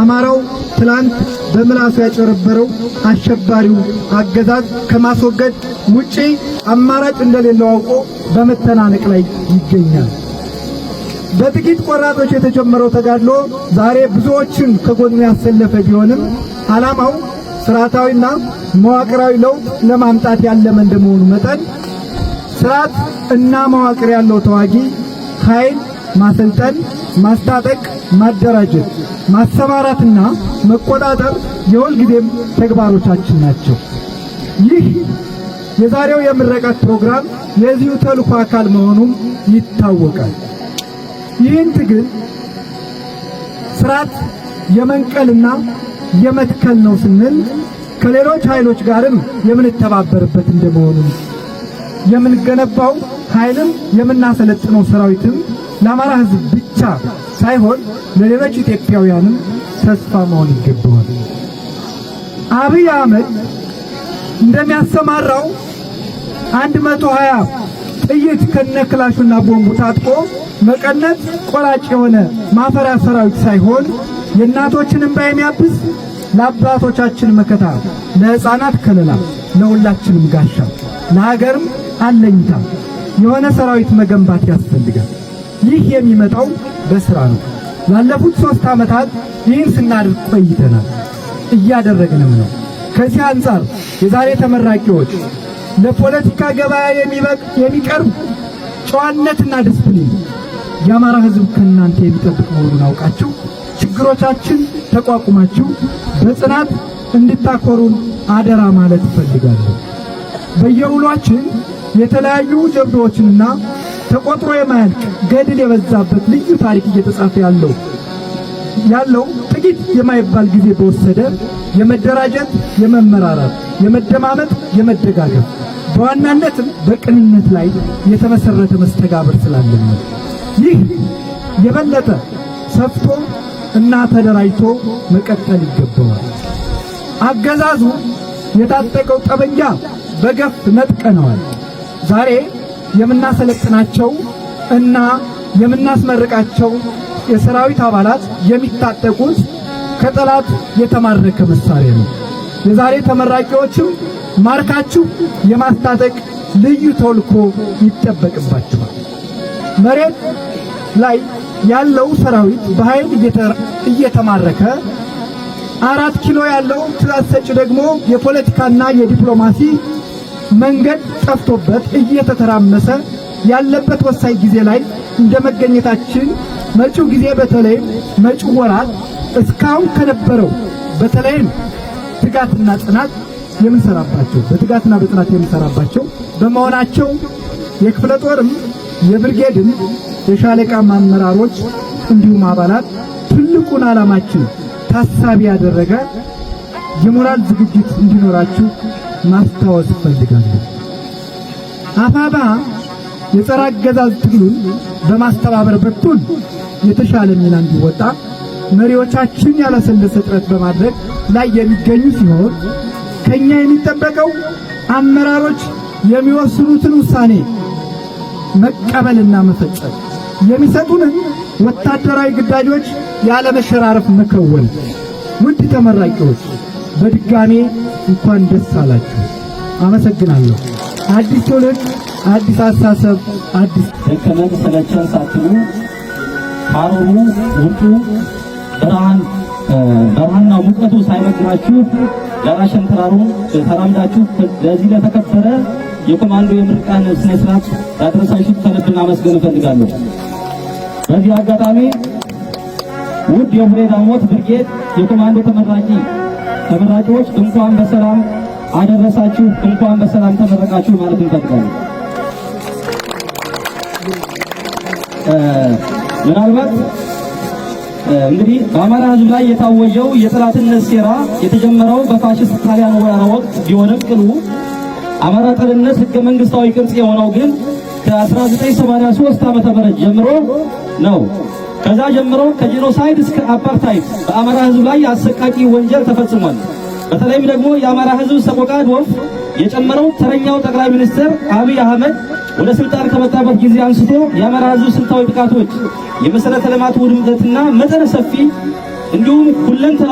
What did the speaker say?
አማራው ትላንት በምላሱ ያጨረበረው አሸባሪው አገዛዝ ከማስወገድ ውጪ አማራጭ እንደሌለው አውቆ በመተናነቅ ላይ ይገኛል። በጥቂት ቆራጦች የተጀመረው ተጋድሎ ዛሬ ብዙዎችን ከጎኑ ያሰለፈ ቢሆንም ዓላማው ስርዓታዊና መዋቅራዊ ለውጥ ለማምጣት ያለመ እንደመሆኑ መጠን ስርዓት እና መዋቅር ያለው ተዋጊ ኃይል ማሰልጠን፣ ማስታጠቅ፣ ማደራጀት ማሰማራትና መቆጣጠር የሁልጊዜም ተግባሮቻችን ናቸው። ይህ የዛሬው የምረቃት ፕሮግራም የዚሁ ተልእኮ አካል መሆኑም ይታወቃል። ይህን ትግል ስርዓት የመንቀልና የመትከል ነው ስንል ከሌሎች ኃይሎች ጋርም የምንተባበርበት እንደመሆኑ የምንገነባው ኃይልም የምናሰለጥነው ሰራዊትም ለአማራ ሕዝብ ብቻ ሳይሆን ለሌሎች ኢትዮጵያውያንም ተስፋ መሆን ይገባዋል። አብይ አህመድ እንደሚያሰማራው አንድ ጥይት ከነክላሹና ቦምቡ ታጥቆ መቀነት ቆራጭ የሆነ ማፈሪያ ሰራዊት ሳይሆን የእናቶችን እንባ የሚያብስ ለአባቶቻችን መከታ፣ ለሕፃናት ከለላ፣ ለሁላችንም ጋሻ፣ ለሀገርም አለኝታ የሆነ ሰራዊት መገንባት ያስፈልጋል። ይህ የሚመጣው በስራ ነው። ላለፉት ሶስት ዓመታት ይህን ስናድርግ ቆይተናል፣ እያደረግንም ነው። ከዚህ አንጻር የዛሬ ተመራቂዎች ለፖለቲካ ገበያ የሚቀርብ ጨዋነትና ዲስፕሊን የአማራ ሕዝብ ከእናንተ የሚጠብቅ መሆኑን አውቃችሁ ችግሮቻችን ተቋቁማችሁ በጽናት እንድታኮሩን አደራ ማለት እፈልጋለሁ። በየውሏችን የተለያዩ ጀብዶዎችንና ተቆጥሮ የማያልቅ ገድል የበዛበት ልዩ ታሪክ እየተጻፈ ያለው ያለው ጥቂት የማይባል ጊዜ በወሰደ የመደራጀት፣ የመመራራት፣ የመደማመጥ፣ የመደጋገፍ በዋናነትም በቅንነት ላይ የተመሰረተ መስተጋብር ስላለን ይህ የበለጠ ሰፍቶ እና ተደራጅቶ መቀጠል ይገባዋል። አገዛዙ የታጠቀው ጠበንጃ በገፍ ነጥቀነዋል። ዛሬ የምናሰለጥናቸው እና የምናስመርቃቸው የሰራዊት አባላት የሚታጠቁት ከጠላት የተማረከ መሳሪያ ነው። የዛሬ ተመራቂዎችም ማርካችሁ የማስታጠቅ ልዩ ተልዕኮ ይጠበቅባችኋል። መሬት ላይ ያለው ሰራዊት በኃይል እየተማረከ አራት ኪሎ ያለው ትዕዛዝ ሰጪ ደግሞ የፖለቲካና የዲፕሎማሲ መንገድ ጠፍቶበት እየተተራመሰ ያለበት ወሳኝ ጊዜ ላይ እንደ መገኘታችን መጪው ጊዜ በተለይም መጪው ወራት እስካሁን ከነበረው በተለይም ትጋትና ጽናት የምንሰራባቸው በትጋትና በጽናት የምንሰራባቸው በመሆናቸው የክፍለ ጦርም የብርጌድም የሻለቃ አመራሮች እንዲሁም አባላት ትልቁን ዓላማችን ታሳቢ ያደረገ የሞራል ዝግጅት እንዲኖራችሁ ማስታወስ እፈልጋለሁ። አፋባ የጸረ አገዛዝ ትግሉን በማስተባበር በኩል የተሻለ ሚና እንዲወጣ መሪዎቻችን ያላሰለሰ ጥረት በማድረግ ላይ የሚገኙ ሲሆን ከኛ የሚጠበቀው አመራሮች የሚወስኑትን ውሳኔ መቀበልና መፈጸም፣ የሚሰጡንን ወታደራዊ ግዳጆች ያለመሸራረፍ መከወን ውድ ተመራቂዎች በድጋሜ እንኳን ደስ አላችሁ። አመሰግናለሁ። አዲስ ትውልድ፣ አዲስ አስተሳሰብ፣ አዲስ ደከመን ሰለቸን ሳትሉ ሐሩሩ ውጡ ብርሃን ብርሃንና ሙቀቱ ሳይመግባችሁ ዳራሸን ተራሩ ተራምዳችሁ ለዚህ ለተከበረ የኮማንዶ የምርቃን ስነ ስርዓት ያደረሳችሁ ከልብ ማመስገን እፈልጋለሁ። በዚህ አጋጣሚ ውድ የሁኔታ ሞት ብርጌድ የኮማንዶ ተመራቂ ተመራቂዎች እንኳን በሰላም አደረሳችሁ፣ እንኳን በሰላም ተመረቃችሁ ማለት እንጠብቃለን። ምናልባት እንግዲህ በአማራ ሕዝብ ላይ የታወጀው የጠላትነት ሴራ የተጀመረው በፋሽስት ጣሊያን ወራራ ወቅት ቢሆንም ቅሉ አማራ ጠልነት ህገ መንግስታዊ ቅርጽ የሆነው ግን ከ1983 ዓ ም ጀምሮ ነው። ከዛ ጀምሮ ከጄኖሳይድ እስከ አፓርታይድ በአማራ ህዝብ ላይ አሰቃቂ ወንጀል ተፈጽሟል። በተለይም ደግሞ የአማራ ህዝብ ሰቆቃ ወፍ የጨመረው ተረኛው ጠቅላይ ሚኒስትር አብይ አህመድ ወደ ስልጣን ከመጣበት ጊዜ አንስቶ የአማራ ህዝብ ስልታዊ ጥቃቶች፣ የመሰረተ ልማት ውድመትና መጠነ ሰፊ እንዲሁም ሁለንተ